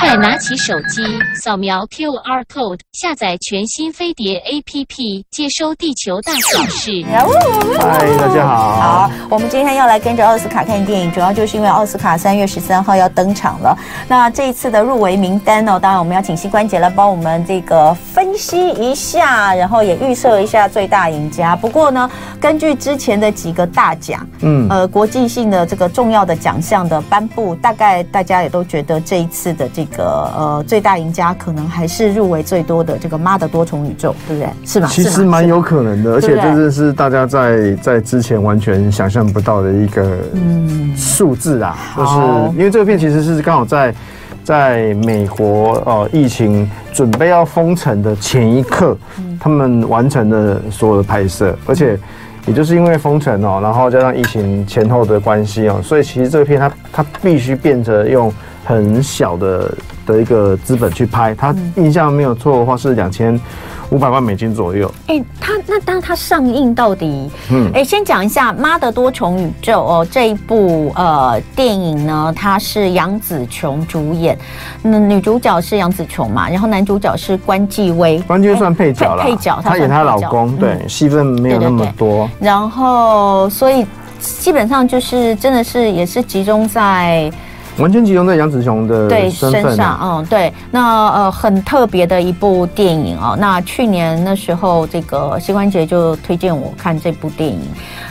快拿起手機，掃描 QR code，下載全新飛碟 APP，接收地球大小事。嗨，大家好。好，我們今天要來跟着奧斯卡看電影，主要就是因為奧斯卡三月十三號要登場了。那這一次的入圍名單呢、哦？當然我們要請膝關節來幫我們這個分析一下，然後也預測一下最大贏家。不過呢，根據之前的幾個大獎，嗯，呃，國際性的這個重要的獎項的頒布，大概大家也都覺得這一次的。這個呃，最大贏家可能還是入圍最多的這個《媽的多重宇宙》，對不對？是吧？其實蠻有可能的，對對，而且這就是大家在在之前完全想象不到的一個數字啊！嗯、就是、哦、因為這個片其實是剛好在在美國哦，疫情準備要封城的前一刻，嗯嗯、他們完成的所有的拍攝，而且也就是因為封城哦，然後加上疫情前後的關係哦，所以其實這個片它它必須變成用。很小的的一個資本去拍，他印象沒有錯的話是兩千五百萬美金左右。哎、欸，他那當他上映到底，哎、嗯欸，先講一下《媽的多重宇宙》哦，這一部呃電影呢，他是楊紫瓊主演，那女主角是楊紫瓊嘛，然後男主角是關繼威，關繼威算配角了、欸，配角，他演他，他老公，嗯、對，戲份沒有那麼多，對對對。然後，所以基本上就是真的是也是集中在。完全集中在楊紫瓊的身，對身上，嗯，對，那呃很特別的一部電影哦。那去年那時候，這個膝關節就推薦我看這部電影，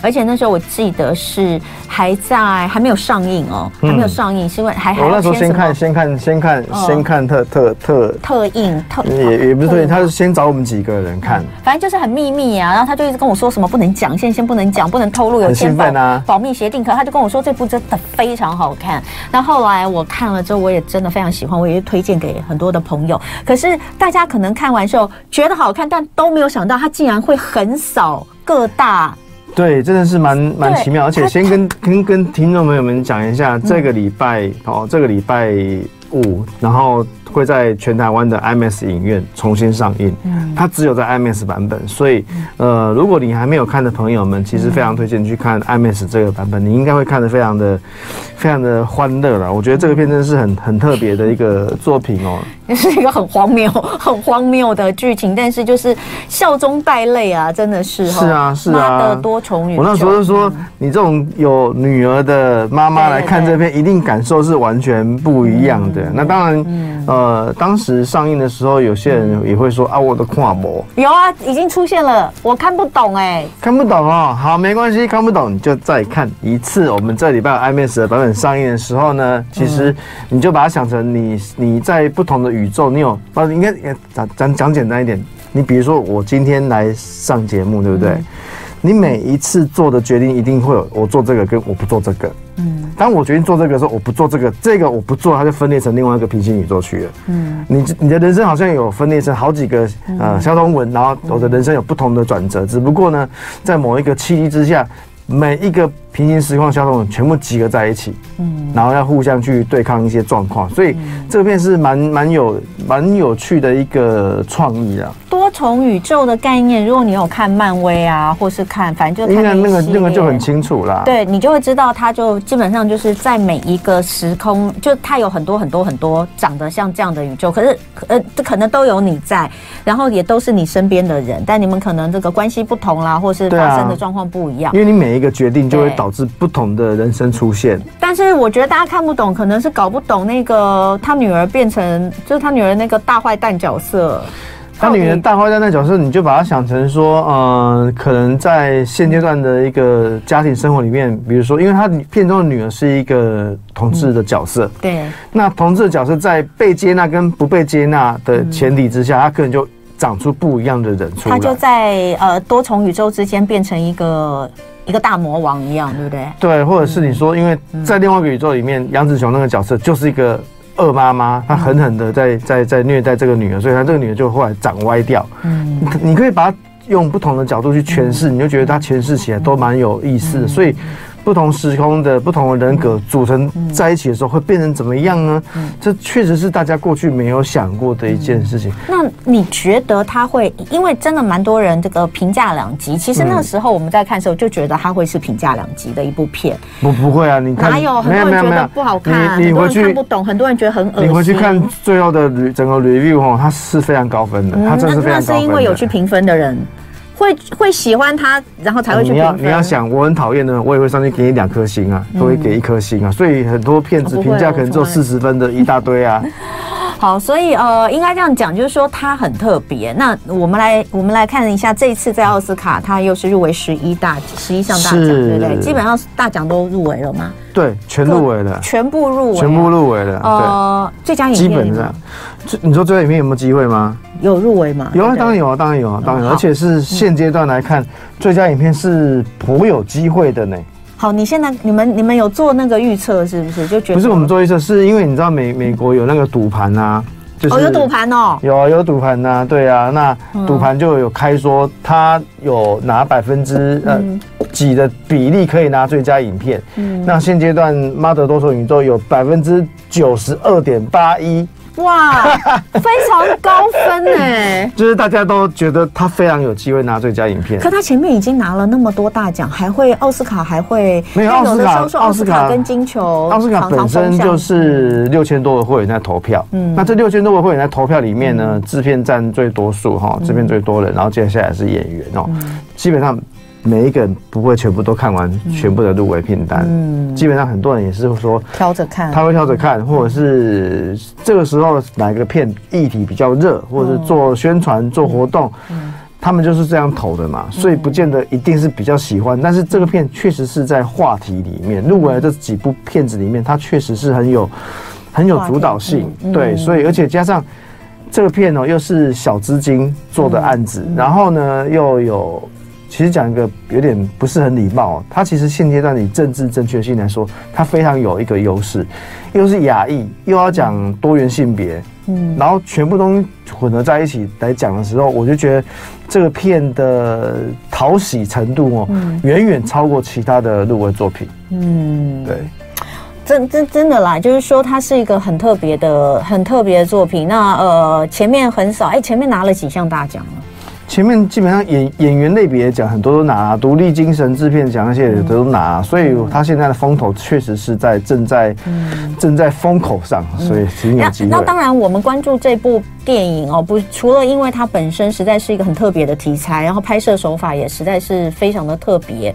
而且那時候我記得是還在還沒有上映哦，還沒有上映，是因為還、嗯、還要先什麼？我那時候先看先看先看、嗯、先看特特特特映，特、特、特、映，特也也不是特映，他是先找我們幾個人看、嗯，反正就是很秘密啊。然後他就一直跟我說什麼不能講，現在先不能講，嗯、不能透露，有、啊、先保。保密協定。可他就跟我說這部真的非常好看，然後。後來我看了之後，我也真的非常喜歡，我也推薦給很多的朋友。可是大家可能看完之後覺得好看，但都沒有想到它竟然會橫掃各大。對，真的是蠻蠻奇妙。對而且先跟跟他跟聽眾朋友們講一下，這個禮拜哦、嗯喔，這個禮拜。然後會在全台灣的 IMAX 影院重新上映。它只有在 IMAX 版本，所以，呃，如果你還沒有看的朋友們，其實非常推薦去看 IMAX 這個版本，你應該會看得非常的非常的歡樂啦。我覺得這個片真是很很特別的一個作品哦。也是一個很荒謬、很荒謬的劇情，但是就是笑中帶淚啊，真的是。是啊，是啊。多我那時候就說，你這種有女兒的媽媽來看這片，一定感受是完全不一樣的。嗯、那當然，呃，當時上映的時候，有些人也會說啊，我的跨模。有啊，已經出現了，我看不懂哎、欸。看不懂哦，好，沒關係，看不懂你就再看一次。我們這禮拜有 IMAX 的版本上映的時候呢，其實你就把它想成你你在不同的。宇宙，你有啊？應該講講講簡單一點。你比如說，我今天來上節目，對不對？Mm hmm. 你每一次做的決定，一定會有我做這個跟我不做這個。嗯、mm，hmm. 當我決定做這個的時候，我不做這個，這個我不做，它就分裂成另外一個平行宇宙去了。嗯、mm，hmm. 你你的人生好像有分裂成好幾個呃蕭彤雯，然後我的人生有不同的轉折。只不過呢，在某一個契機之下，每一個。平行時空相同，全部集合在一起，嗯，然後要互相去對抗一些狀況，所以這片是蠻蠻有蠻有趣的一個創意啊。多重宇宙的概念，如果你有看漫威啊，或是看，反正就看那個那個那個就很清楚啦。對，你就會知道，它就基本上就是在每一個時空，就它有很多很多很多長得像這樣的宇宙，可是呃可能都有你在，然後也都是你身邊的人，但你們可能這個關係不同啦，或是發生的狀況不一樣，啊，因為你每一個決定就會導。導致不同的人生出現，但是我覺得大家看不懂，可能是搞不懂那個他女兒變成就是他女兒那個大壞蛋角色。他女兒大壞蛋的角色，你就把它想成說，嗯、呃，可能在現階段的一個家庭生活裡面，比如說，因為他片中的女兒是一個同志的角色，嗯、對，那同志的角色在被接納跟不被接納的前提之下，他可能就長出不一樣的人出來。他就在呃多重宇宙之間變成一個。一個大魔王一樣，對不對？對，或者是你說，嗯、因為在另外一個宇宙裡面，楊、嗯、紫瓊那個角色就是一個惡媽媽，她狠狠的在在在虐待這個女兒，所以她這個女兒就後來長歪掉。嗯，你，你可以把它用不同的角度去詮釋，嗯、你就覺得她詮釋起來都蠻有意思的，嗯、所以。不同時空的，不同的人格組成在一起的時候，會變成怎麼樣呢？嗯嗯、這確實是大家過去沒有想過的一件事情。嗯、那你覺得他會？因為真的蠻多人這個評價兩極。其實那個時候我們在看的時候，就覺得他會是評價兩極的一部片。嗯、不不會啊，你看，沒有很多人覺得不好看，嗯、你，你回去，很多人看不懂，很多人覺得很噁心。你回去看最後的整個 review，哈，它是非常高分的，他真的是非常高分的、嗯，那。那是因為有去評分的人。會會喜歡他，然後才會去、嗯。你要你要想，我很討厭的，我也會上去給你兩顆星啊，都會給一顆星啊。嗯、所以很多騙子評價、啊、可能只有四十分的一大堆啊。 好，所以呃，應該這樣講，就是說它很特別。那我們來，我們來看一下，這一次在奧斯卡，它又是入圍十一大，十一項大獎，是對不對，對？基本上大獎都入圍了嗎？對，全入圍了。全部入圍。全部入圍了。哦、呃，對最佳影片有沒有基本上，你說最佳影片有沒有機會嗎？有入圍嗎？有啊，當然有啊，當然有啊，當然有。嗯、而且是現階段來看，嗯、最佳影片是頗有機會的呢。好，你現在你們你們有做那個預測是不是？就覺得不是我們做預測，是因為你知道美美國有那個賭盤吶、啊，就是、哦有賭盤哦，有啊，有賭盤吶、啊，對啊，那賭盤就有開說，他有拿百分之、嗯、呃幾的比例可以拿最佳影片，嗯、那現階段媽的多重宇宙有百分之九十二點八一。哇，非常高分哎、欸！ 就是大家都覺得他非常有機會拿最佳影片。可他前面已經拿了那麼多大獎，還會奧斯卡，還會沒有？有的時候說奧斯卡跟金球常常，奧斯卡本身就是六千多個會員在投票。嗯、那這六千多個會員在投票裡面呢，製、嗯、片占最多數哈，製片最多人，然後接下來是演員哦，嗯、基本上。每一個人不會全部都看完全部的入圍片單，嗯，基本上很多人也是說挑着看，他會挑着看，或者是這個時候哪個片議題比較熱，或者是做宣傳做活動，他們就是這樣投的嘛，所以不見得一定是比較喜歡，但是這個片確實是在話題裡面入圍這幾部片子裡面，它確實是很有很有主導性，對，所以而且加上這個片哦，又是小資金做的案子，然後呢又有。其實講一個有點不是很禮貌，它其實現階段以政治正確性來說，它非常有一個優勢，又是亞裔，又要講多元性別，嗯，嗯，然後全部都混合在一起來講的時候，我就覺得這個片的討喜程度哦，嗯，遠遠超過其他的入圍作品，嗯，對，真真真的啦，就是說它是一個很特別的、很特別的作品。那呃，前面很少，哎，前面拿了幾項大獎了？前面基本上演演員類別獎很多都拿，獨立精神製片獎那些也都拿，嗯、所以他現在的風頭確實是在正在、嗯、正在風口上，所以很有機會，嗯、那，那當然，我們關注這部電影哦，不除了因為它本身實在是一個很特別的題材，然後拍攝手法也實在是非常的特別。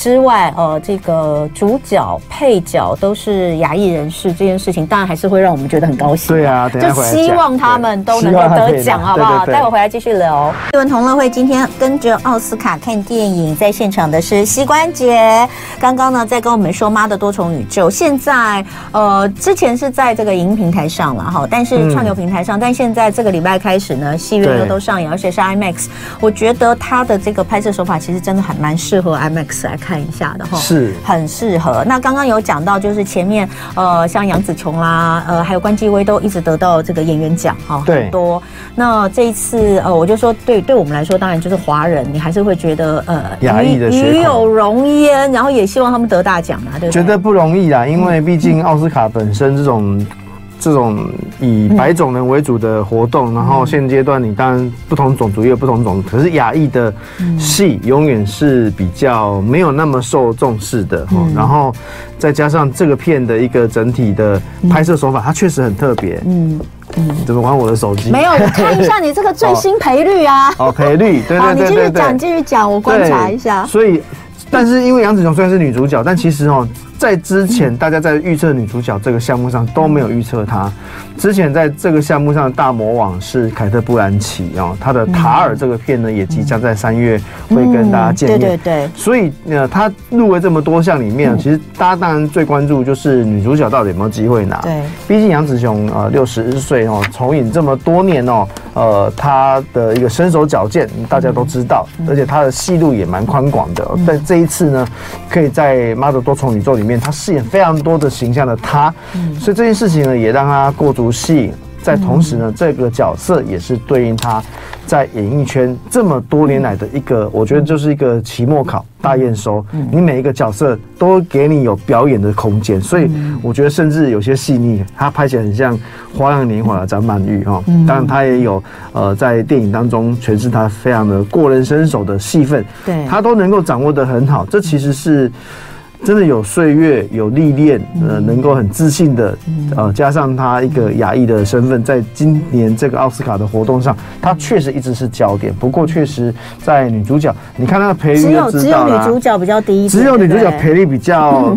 之外，呃，這個主角、配角都是亞裔人士這件事情，當然還是會讓我們覺得很高興、啊嗯。對啊，就希望他們對都能得獎，好不好？對對對，待會回來繼續聊。藝文同樂會今天跟着奧斯卡看電影，在現場的是膝關節。剛剛呢，在跟我們說《媽的多重宇宙》。現在，呃，之前是在這個影音平台上了哈，但是串流平台上，嗯、但現在這個禮拜開始呢，戲院又都上演，對而且是 IMAX。我覺得它的這個拍攝手法其實真的還蠻適合 IMAX 來看。看一下的哈，是很適合。那剛剛有講到，就是前面呃，像楊紫瓊啦，呃，還有關繼威都一直得到這個演員獎哈。哦、對 很多。那這一次呃，我就說對，對我們來說當然就是華人，你還是會覺得呃，的，與有榮焉。然後也希望他們得大獎嘛，啊，對不對？覺得不容易啦，因為畢竟奧斯卡本身這種。這種以白種人為主的活動，嗯、然後現階段你當然不同種族也有不同種、嗯、可是亞裔的戲永遠是比較沒有那麼受重視的、嗯。然後再加上這個片的一個整體的拍攝手法，嗯、它確實很特別、嗯。嗯嗯，怎麼玩我的手機？沒有，看一下你這個最新賠率啊。哦， 賠率，對啊。你繼續講，繼續講，我觀察一下。所以，對但是因為楊紫瓊雖然是女主角，但其實哦。在之前，大家在預測女主角這個項目上都沒有預測她。之前在這個項目上的大魔王是凱特·布蘭奇哦，她的《塔爾》這個片呢也即將在三月會跟大家見面。對對對。所以呢她入圍這麼多項裡面，其實大家當然最關注就是女主角到底有沒有機會拿。對、呃。畢竟楊紫瓊啊，六十一歲哦，從影這麼多年哦，呃，她的一個身手矯健大家都知道，而且她的戲路也蠻寬廣的。但這一次呢，可以在《媽的多重宇宙》裡。他飾演非常多的形象的他，嗯、所以這件事情呢也讓他過足戲癮。在、嗯、同時呢，這個角色也是對應他在演藝圈這麼多年來的一個，嗯、我覺得就是一個期末考、嗯、大驗收。嗯、你每一個角色都給你有表演的空間，嗯、所以我覺得甚至有些細膩，他拍起來很像《花樣年華》的張曼玉哈。當然他也有呃在電影當中詮釋他非常的過人身手的戲份，對他都能夠掌握得很好。這其實是。真的有歲月有歷練，呃，能夠很自信的，嗯、呃，加上他一個亞裔的身份，嗯、在今年這個奧斯卡的活動上，他確實一直是焦點。不過，確實在女主角，你看她的賠率，只有只有女主角比較低，低，只有女主角賠率比較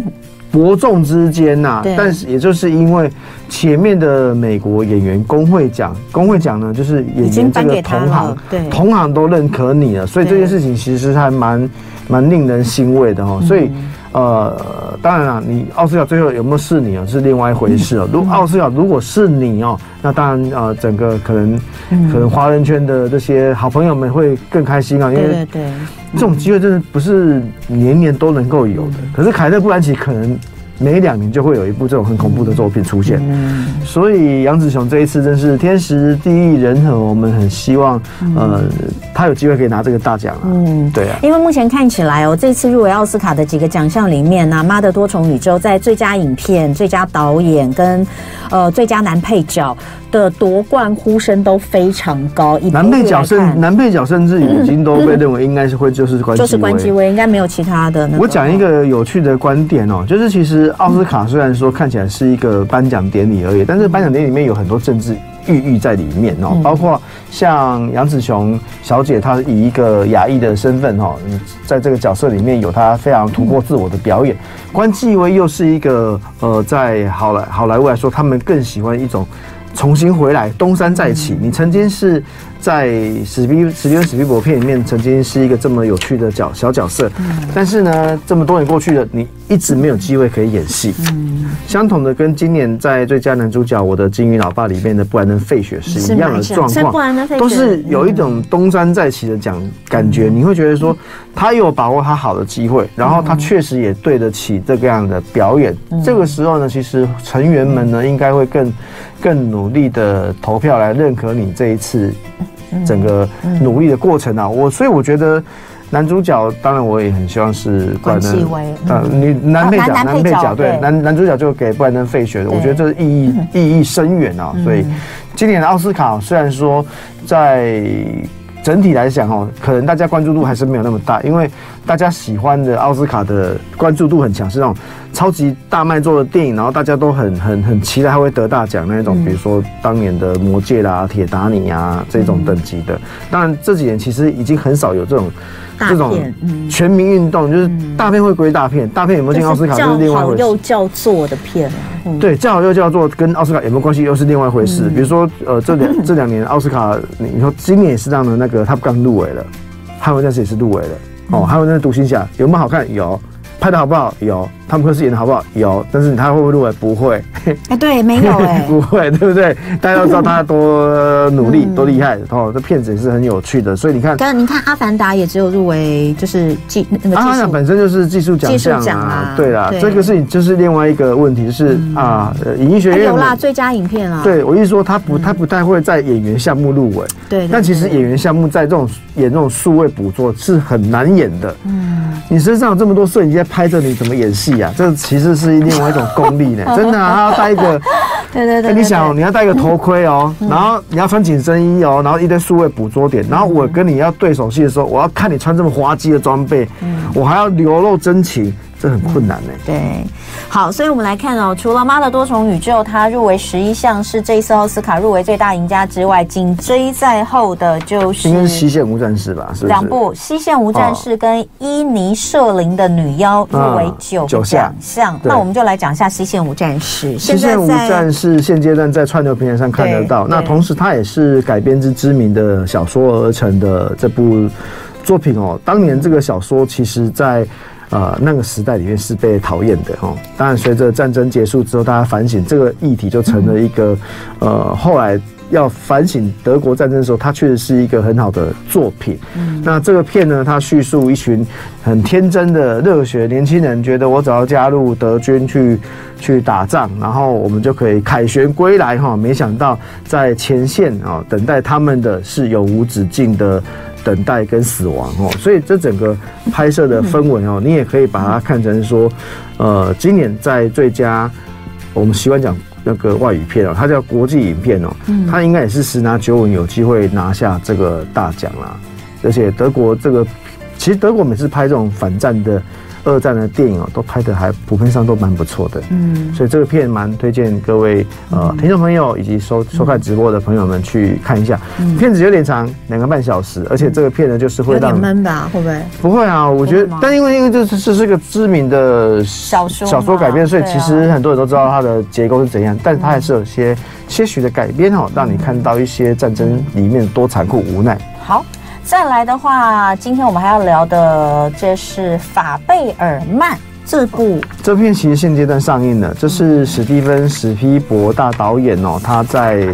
伯仲之間吶、啊。對但是，也就是因為前面的美國演員工會獎，工會獎呢，就是演員這個同行，對同行都認可你了，所以這件事情其實還蠻蠻令人欣慰的哈。所以。嗯呃，當然了，你奧斯卡最後有沒有是你啊、喔，是另外一回事哦、喔。如果奧斯卡如果是你哦、喔，那當然呃，整個可能可能華人圈的這些好朋友們會更開心啊、喔，因為這種機會真的不是年年都能夠有的。可是凱特·布蘭奇可能。每兩年就會有一部這種很恐怖的作品出現，嗯、所以楊紫瓊這一次真是天時地利人和，我們很希望呃他有機會可以拿這個大獎啊。嗯，對啊，因為目前看起來哦，這次入圍奧斯卡的幾個獎項裡面呢、啊，《媽的多重宇宙》在最佳影片、最佳導演跟呃最佳男配角，的奪冠呼聲都非常高，一男配角甚，男配角甚至已經都被認為應該是會就是關繼，就是關繼威，應該沒有其他的、那個。我講一個有趣的觀點哦，就是其實奧斯卡雖然說看起來是一個頒獎典禮而已，嗯、但是頒獎典禮裡面有很多政治寓意在裡面哦，嗯、包括像楊紫瓊小姐她以一個亞裔的身份哦，在這個角色裡面有她非常突破自我的表演，嗯、關繼威又是一個呃，在好萊好萊塢來說，他們更喜歡一種。重新回來東山再起，嗯、你曾經是在史匹·史蒂芬史匹柏片裡面曾經是一個這麼有趣的角小，小角色，嗯、但是呢這麼多年過去了，你一直沒有機會可以演戲。嗯、相同的跟今年在最佳男主角《我的鯨魚老爸》裡面的布蘭登·費雪是一樣的狀況，是嗎都是有一種東山再起的講感覺。嗯、你會覺得說他有把握他好的機會，然後他確實也對得起這個樣的表演。嗯、這個時候呢，其實成員們呢應該會更。更努力的投票來認可你這一次整個努力的過程啊、嗯！嗯、我所以我覺得男主角當然我也很希望是布蘭登，呃，女、嗯、男配角男配角對男對男主角就給布蘭登·費雪對我覺得這意義、嗯、意義深遠啊！嗯、所以今年的奧斯卡雖然說在。整體來講哦，可能大家關注度還是沒有那麼大，因為大家喜歡的奧斯卡的關注度很強，是那種超級大賣座的電影，然後大家都很很很期待他會得大獎那種，嗯、比如說當年的《魔戒》啦、《鐵達尼》啊《鐵達尼》啊這種等級的。嗯、當然這幾年其實已經很少有這種大片這種全民運動，就是大片會歸大片，大片有沒有進奧斯卡就是，叫好又叫座，這是另外一回事，叫座的片對，再好又叫做跟奧斯卡有沒有關係，又是另外一回事。嗯，比如說，呃，這兩這兩年奧斯卡，你說今年也是讓那個 Top Gun 剛入圍了，哈文那時也是入圍了，哦，哈文在獨行俠有沒有好看？有。拍的好不好？有，他們說是演的好不好？有，但是他會不會入圍？不會。哎，對，沒有哎，不會，對不對？大家都知道他多努力，多厲害哦。這片子也是很有趣的，所以你看，剛你看《阿凡達》也只有入圍，就是技那個。阿凡達本身就是技術獎項。技術獎啊，對啦，這個是就是另外一個問題是啊，影藝學院有啦，最佳影片啊。對，我意思說，他不，他不太會在演員項目入圍。對，但其實演員項目在這種演這種數位捕捉是很難演的。嗯。你身上有這麼多攝影機在拍着你，怎麼演戲啊？這其實是另外一種功力呢、欸，真的、啊。他要戴一個， 對對對，對、欸。你想、哦，你要戴一個頭盔哦，嗯、然後你要穿緊身衣哦，然後一堆數位捕捉點，然後我跟你要對手戲的時候，我要看你穿這麼滑稽的裝備，嗯、我還要流露真情。這很困難呢、嗯，對，好，所以我們來看哦，除了《媽的多重宇宙》，它入圍十一項，是這一次奧斯卡入圍最大贏家之外，緊追在後的就是兩部《是西線無戰事》吧？是不是？兩部《西線無戰事》跟《伊尼舍林的女妖》入圍九九項。那我們就來講一下《西線無戰事》在在。《西線無戰事》現階段在串流平台上看得到。那同時，它也是改編自知名的小說而成的這部作品哦。當年這個小說其實，在呃，那個時代裡面是被討厭的哈。當然，隨着戰爭結束之後，大家反省這個議題，就成了一個，呃，後來要反省德國戰爭的時候，它確實是一個很好的作品。那這個片呢，它敘述一群很天真的熱血年輕人，覺得我只要加入德軍去去打仗，然後我們就可以凱旋歸來哈。沒想到在前線啊，等待他們的是永無止境的等待跟死亡哦，所以這整個拍攝的氛圍哦，你也可以把它看成說，呃，今年在最佳，我們習慣講那個外語片啊，它叫國際影片哦，它應該也是十拿九穩有機會拿下這個大獎啦，而且德國這個。其實德國每次拍這種反戰的二戰的電影哦，都拍的還普遍上都蠻不錯的。嗯，所以這個片蠻推薦各位呃聽眾朋友以及收收看直播的朋友們去看一下。片子有點長，兩個半小時，而且這個片呢就是會讓有點悶吧？會不會？不會啊，我覺得。但因為因為這是這是一個知名的小說小說改編，所以其實很多人都知道它的結構是怎樣，但它還是有些些許的改編哦，讓你看到一些戰爭裡面多殘酷無奈。好。再來的話，今天我們還要聊的這是《法貝爾曼》這部這片，其實現階段上映了。這是史蒂芬史匹柏大導演哦、喔，他在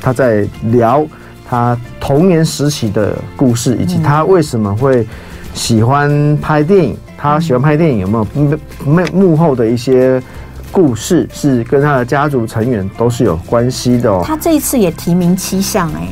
他在聊他童年時期的故事，以及他為什麼會喜歡拍電影。他喜歡拍電影有沒有幕幕後的一些故事，是跟他的家族成員都是有關係的哦、喔。他這一次也提名七項，哎，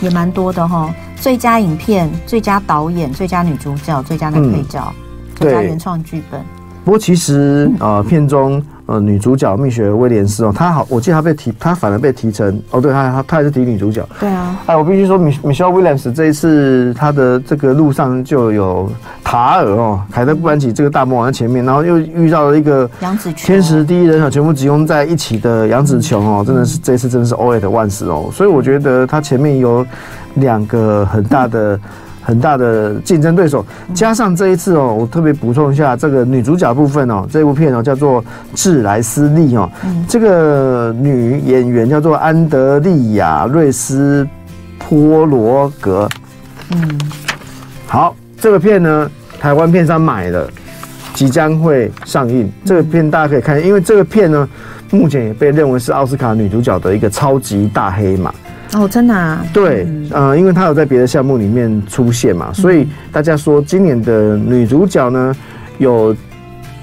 也蠻多的哈、喔。最佳影片、最佳導演、最佳女主角、最佳男配角、嗯、最佳原創劇本。不過其實、嗯、呃片中呃女主角蜜雪威廉斯哦，她好，我記得她被提，她反而被提成哦，對，她她她還是提女主角。對啊，哎，我必須說蜜蜜雪威廉斯這一次她的這個路上就有塔爾哦，凱特布蘭琪這個大魔王在前面，然後又遇到了一個楊紫瓊，天時地利人啊，全部集中在一起的楊紫瓊、嗯、哦，真的是、嗯、這一次真的是 all at once 哦，所以我覺得她前面有。兩個很大的、很大的競爭對手，加上這一次哦、喔，我特別補充一下這個女主角部分哦、喔，這部片哦、喔叫做《致萊斯利》喔哦，嗯，這個女演員叫做安德莉亞·瑞斯·波羅格。嗯，好，這個片呢，台灣片商買的，即將會上映。嗯，這個片大家可以看，因為這個片呢，目前也被認為是奧斯卡女主角的一個超級大黑馬。哦，真的啊？對，啊、呃，因為他有在別的項目裡面出現嘛，所以大家說今年的女主角呢，有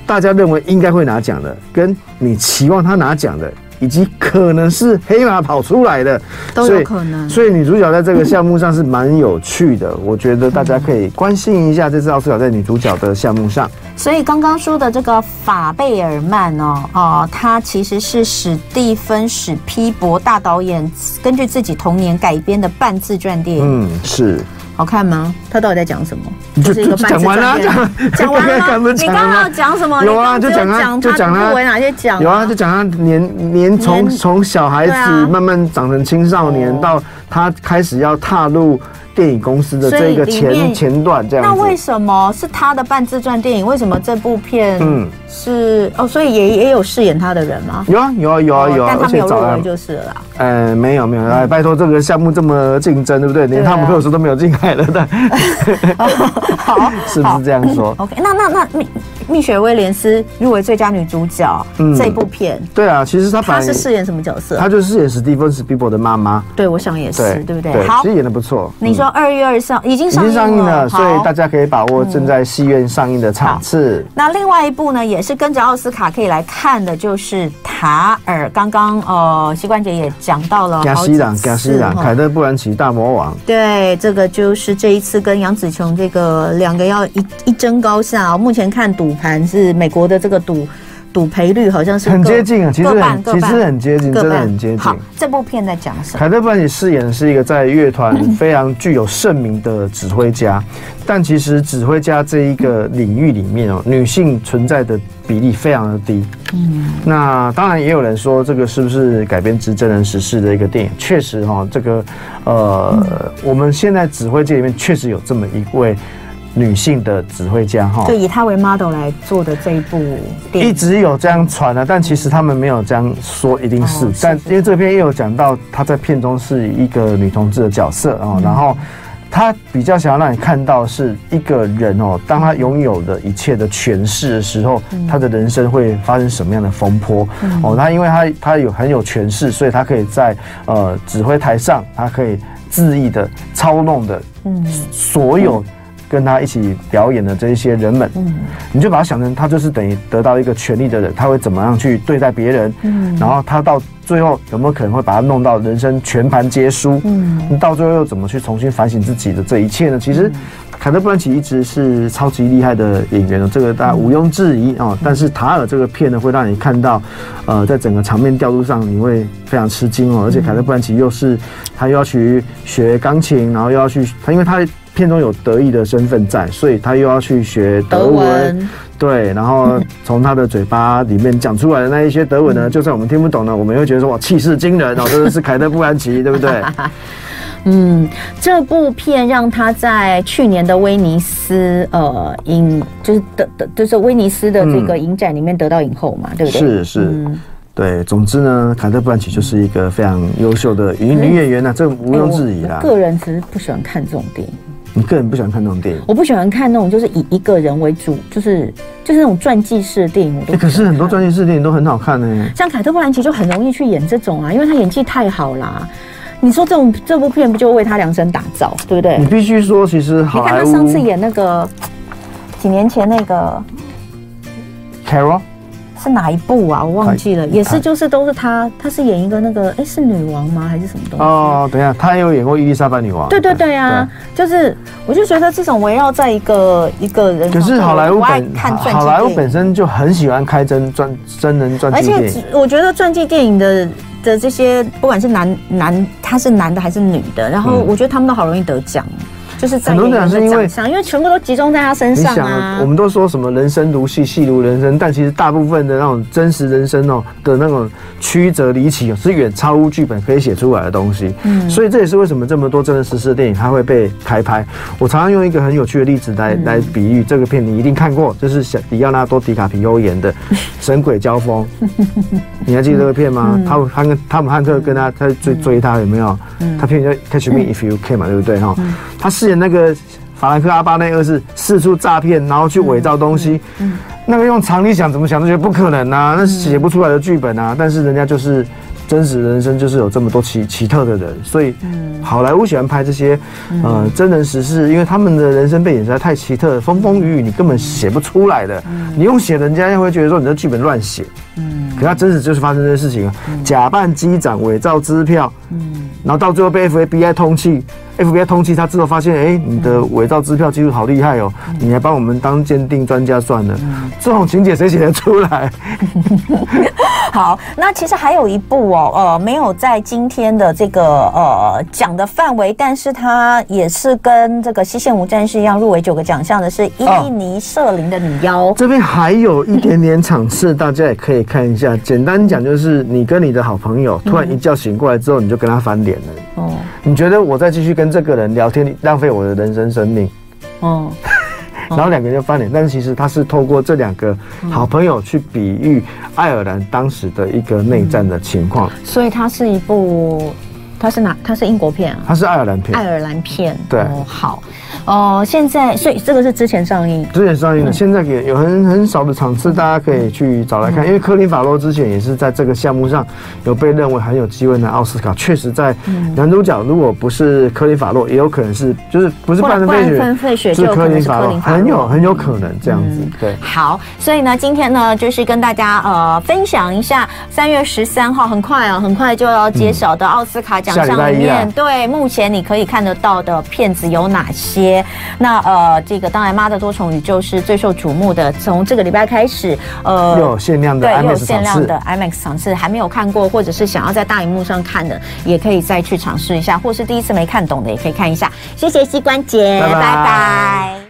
大家認為應該會拿獎的，跟你期望她拿獎的。以及可能是黑馬跑出來的，都有可能。所以，所以女主角在這個項目上是蠻有趣的， 我覺得大家可以關心一下這次奧斯卡在女主角的項目上。嗯，所以剛剛說的這個法貝爾曼哦哦，他其實是史蒂芬史匹柏大導演根據自己童年改編的半自傳電影。嗯，是。好看嗎？他到底在講什麼？就，就，就是一個講完了，啊，講講完了，講 你剛剛講什麼？有啊，就講啊，就講啊，講？有啊，就講啊，年年從從小孩子慢慢長成青少年到。他開始要踏入電影公司的這個前前段，這樣子。那為什麼是他的半自傳電影？為什麼這部片是嗯，是哦？所以也也有飾演他的人嗎？有啊，有啊，有啊有啊，有啊有啊有啊，但他們沒有入圍就是了啦。哎、嗯，沒有沒有哎，拜託這個項目這麼競爭，對不對？對啊、連他們公司都沒有進來了，但 好，是不是這樣說、嗯、？OK，那那那你。蜜雪威廉斯入圍最佳女主角這部片，對啊，其實他本來是飾演什麼角色？他就是飾演史蒂芬史皮伯的媽媽。對，我想也是，對不對？好。其實演的不錯。你說二月二上已經已經上映了，所以大家可以把握正在戲院上映的場次。那另外一部呢，也是跟着奧斯卡可以來看的，就是塔爾。剛剛呃，膝關節也講到了賈西朗，賈西朗，凱特布蘭奇大魔王。對，這個就是這一次跟楊紫瓊這個兩個要一一爭高下。目前看賭盤是美國的這個賭賭賠率好像是很接近啊，其實很其實很接近，辦真的很接近。好，這部片在講什麼？凱特布蘭琪飾演的是一個在樂團非常具有盛名的指揮家， 但其實指揮家這一個領域裡面哦，女性存在的比例非常的低。嗯， 那當然也有人說這個是不是改編自真人實事的一個電影？確實哈，這個呃， 我們現在指揮界裡面確實有這麼一位。女性的指揮家哈，以她為 model 來做的這一部電影，一直有這樣傳啊，但其實他們沒有這樣說一定是、哦、是,是，但因為這篇也有講到她在片中是一個女同志的角色、嗯、然後她比較想要讓你看到是一個人哦，當她擁有的一切的權勢的時候，她、嗯、的人生會發生什麼樣的風波、嗯、哦？她因為她有很有權勢所以她可以在呃指揮台上，她可以恣意的操弄的，嗯，所有、嗯。跟他一起表演的這一些人們，嗯哼，你就把他想成他就是等於得到一個權力的人，他會怎麼樣去對待別人？嗯哼，然後他到最後有沒有可能會把他弄到人生全盤皆輸？嗯哼，你到最後又怎麼去重新反省自己的這一切呢？其實，凱特布蘭奇一直是超級厲害的演員，這個大家毋庸置疑啊。但是塔爾這個片呢，會讓你看到，呃，在整個場面調度上你會非常吃驚哦。而且凱特布蘭奇又是他又要去學鋼琴，然後又要去他，因為他。片中有德裔的身份在，所以他又要去學德文，德文對，然後從他的嘴巴裡面講出來的那一些德文呢，嗯、就算我們聽不懂呢，我們又覺得說，哇，氣勢驚人哦、喔，這、就是凱特·布蘭奇， 對不對？嗯，這部片讓他在去年的威尼斯呃影就是得得就是威尼斯的這個影展裡面得到影后嘛，嗯、對不對？是是，是嗯、對，總之呢，凱特·布蘭奇就是一個非常優秀的女女演員呢，嗯、這毋庸置疑啦。哎、個人其實不喜歡看這種電影。你個人不喜歡看那種電影，我不喜歡看那種就是以一個人為主，就是就是那種傳記式的電影我。我、欸、可是很多傳記式的電影都很好看呢、欸，像凱特·布蘭奇就很容易去演這種啊，因為他演技太好啦。你說這種這部片不就為他量身打造，對不對？你必須說，其實好你看他上次演那個幾年前那個 Carol。是哪一部啊？我忘記了，也是就是都是他，他是演一個那個，哎，是女王嗎？還是什麼東西？哦，等一下，他也有演過伊麗莎白女王。對對對啊，就是，我就覺得這種圍繞在一個一個人，可是好萊塢看傳，好萊塢本身就很喜歡開真傳真人傳記電影，而且我覺得傳記電影的的這些，不管是男男，他是男的還是女的，然後我覺得他們都好容易得獎。就是在的很多獎是因為，因為全部都集中在他身上啊。啊，我們都說什麼人生如戲，戲如人生，但其實大部分的那種真實人生哦的那種曲折離奇，是遠超乎劇本可以寫出來的東西。嗯，所以這也是為什麼這麼多真人實事的電影它會被開拍。我常常用一個很有趣的例子來來比喻這個片，你一定看過，就是李奧納多狄卡皮歐演的《神鬼交鋒》，你還記得這個片嗎？他他跟湯姆漢克他跟他他追追他有沒有？他片名叫《Catch Me If You Can》嘛，對不對？哈。他飾演那個法蘭克·阿巴內爾二世，是四處詐騙，然後去偽造東西。那個用常理想怎麼想都覺得不可能啊，那寫不出來的劇本啊。但是人家就是真實人生，就是有這麼多奇奇特的人，所以好萊塢喜歡拍這些呃真人實事，因為他們的人生背景實在太奇特，風風雨雨你根本寫不出來的。你用寫人家又會覺得說，你的劇本亂寫。嗯，可他真實就是發生這些事情啊，假扮機長，偽造支票，嗯，然後到最後被 FBI 通緝。FBI 通緝他之後發現，哎、欸，你的偽造支票技術好厲害哦、喔！嗯、你還幫我們當鑑定專家算了，嗯、這種情節誰寫得出來？ 好，那其實還有一部哦、喔，呃，沒有在今天的這個呃講的範圍，但是它也是跟這個《西線無戰事》一樣入圍九個獎項的，是伊、伊尼舍林的女妖。哦、這邊還有一點點場次， 大家也可以看一下。簡單講就是，你跟你的好朋友突然一覺醒過來之後，嗯、你就跟他翻臉了。哦，你覺得我再繼續跟？跟這個人聊天浪費我的人生生命，哦、嗯， 然後兩個人就翻臉，嗯、但是其實他是透過這兩個好朋友去比喻愛爾蘭當時的一個內戰的情況、嗯，所以他是一部。它是哪？他是英國片啊？它是愛爾蘭片。愛爾蘭片，對，好，哦，現在，所以這個是之前上映，之前上映的，現在也有很很少的場次，大家可以去找來看。因為柯林·法洛之前也是在這個項目上有被認為很有機會拿奧斯卡，確實在男主角，如果不是柯林·法洛，也有可能是，就是不是半分費雪。是柯林·法洛，很有很有可能這樣子。對，好，所以呢，今天呢，就是跟大家呃分享一下，三月十三號，很快啊，很快就要揭曉的奧斯卡獎。上面下，啊，對目前你可以看得到的片子有哪些？那呃，這個當然《媽的多重宇宙》是最受矚目的。從這個禮拜開始，呃，有限量的 IMAX 場次，還沒有看過或者是想要在大螢幕上看的，也可以再去嘗試一下，或是第一次沒看懂的，也可以看一下。謝謝膝關節，拜拜 bye。Bye bye